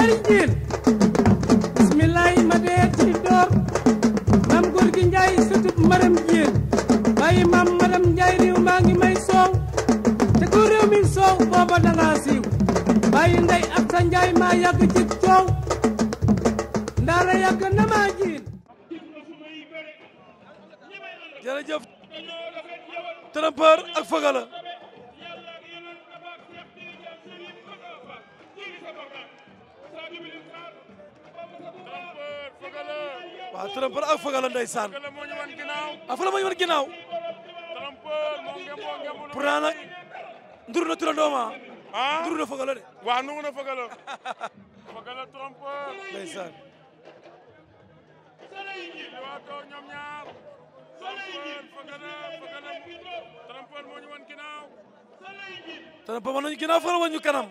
alal jiin bismillaay ma dee ci door maam góor gi njaay sëtub maram jiin bàyyi maam maram njaay réew maa ngi may soow te ko réew mi soow booba danga siiw bàyyi ndey ak sa njaay maa yàgg ci coow ndaara yàgg na maa jiin jërëjëf trompeur ak fagala waaw trompeur ak Feugeula ndeysaan ah Feugeula moo ñu wan ginnaaw pourtant ah, nag nduru na tura ndooma nduru na Feugeula de waaw nduru na Feugeula Feugeula trompeur ndeysaan liwaatoo ñoom ñaar trompeur Feugeula Feugeula trompeur moo ñu wan ginnaaw trompeur ah? moo ñu ginnaaw Feugeula wan ñu kanam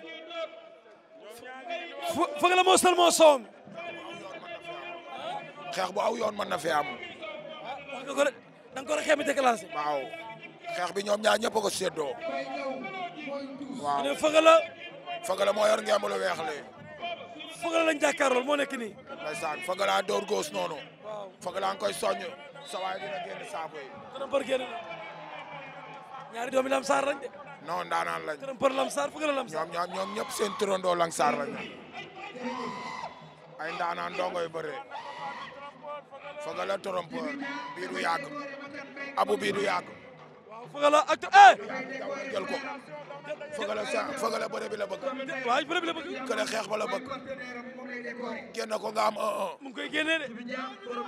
fa nga la moosal moo soom xeex bu aw yoon mën na fi am wax nga ko rek da nga ko rek xeex bi déclenché waaw xeex bi ñoom ñaar ñëpp a ko séddoo waaw ne fëgg la fëgg la moo yor ngemb lu weex li fëgg la lañ jàkkaarlool moo nekk nii ndeysaan fëgg laa door góos noonu waaw fëgg laa nga koy soññ sa waay dina génn saako yi dana bër génn ñaari doomi lam saar lañ de non ndaanaan lañ dana bër lam saar fëgg la lam saar ñoom ñoom ñëpp seen turandoo lam saar lañ ay ndaanaan ndongoy bëre Feugeuleu trompeur bii du yàgg abu bii du yàgg waaw Feugeuleu ak ko Feugeuleu sa Feugeuleu bëre bi la bëgg waaw bëre xeex ba la bëgg ko nga am un un mu ngi koy génnee de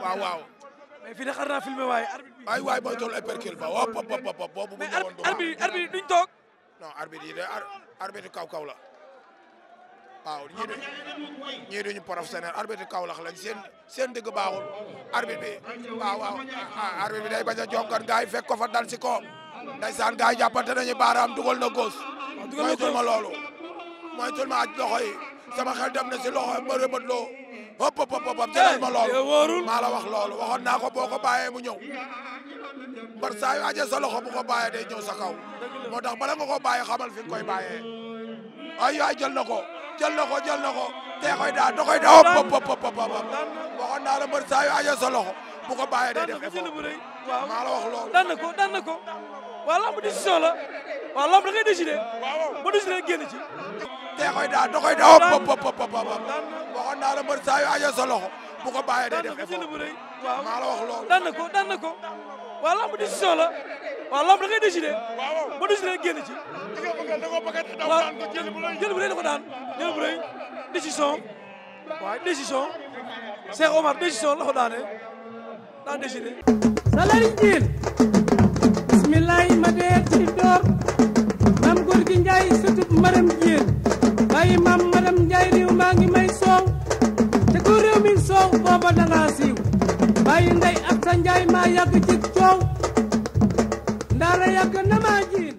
waaw waaw mais fii de naa filmé waaye arbitre bi ay waay mooy toll ay perkil ba hop hop bu ñu woon du mais arbitre duñ toog non arbitre yi de arbitre kaw kaw la waaw ñii duñ ñii duñu professionnel arbitre Kaolack lañ seen seen digg baaxul arbitre bi waaw waaw ah, ah, arbitre bi day bañ a jonkan gars yi fekk ko fa dal si ko ndeysaan gars yi jàppante nañu baaraam dugal na góos mooy tul ma loolu mooy tul ma aj loxo yi sama xel dem na si loxo ma rëbët loo hop hop hop hop jëlal ma eh, loolu maa la wax loolu waxoon naa ko boo ko bàyyee mu ñëw mbar saa yu aje sa loxo bu ko bàyyee day ñëw sa kaw moo tax bala nga ko bàyyee xamal fi nga koy bàyyee ay yaay jël na ko jël na ko jël na ko tee koy daan da koy daan hop hop hop hop waxoon naa la mbër saa yu ajo sa loxo bu ko bàyyee day def effort maa la wax loolu daan na ko daan na ko waaw lamb décision la waaw lamb da ngay décider ba décider génn ci tee koy daan da koy daan hop hop hop hop waxoon naa la mbër saa yu ajo sa loxo bu ko bàyyee day def effort maa la wax loolu daan na ko daan na ko waaw lamb décision la waaw lamb da ngay décider ba décider génn ci jël bu rëy da ko daan jël bu rëy ma dee ci door maam góor Njaay sutub maram jiin bàyyi maam maram Njaay réew maa ngi may soow te ku réew soow booba danga siiw bàyyi ndey ak Njaay maa yàgg ci coow ndaara yàgg na maa jiin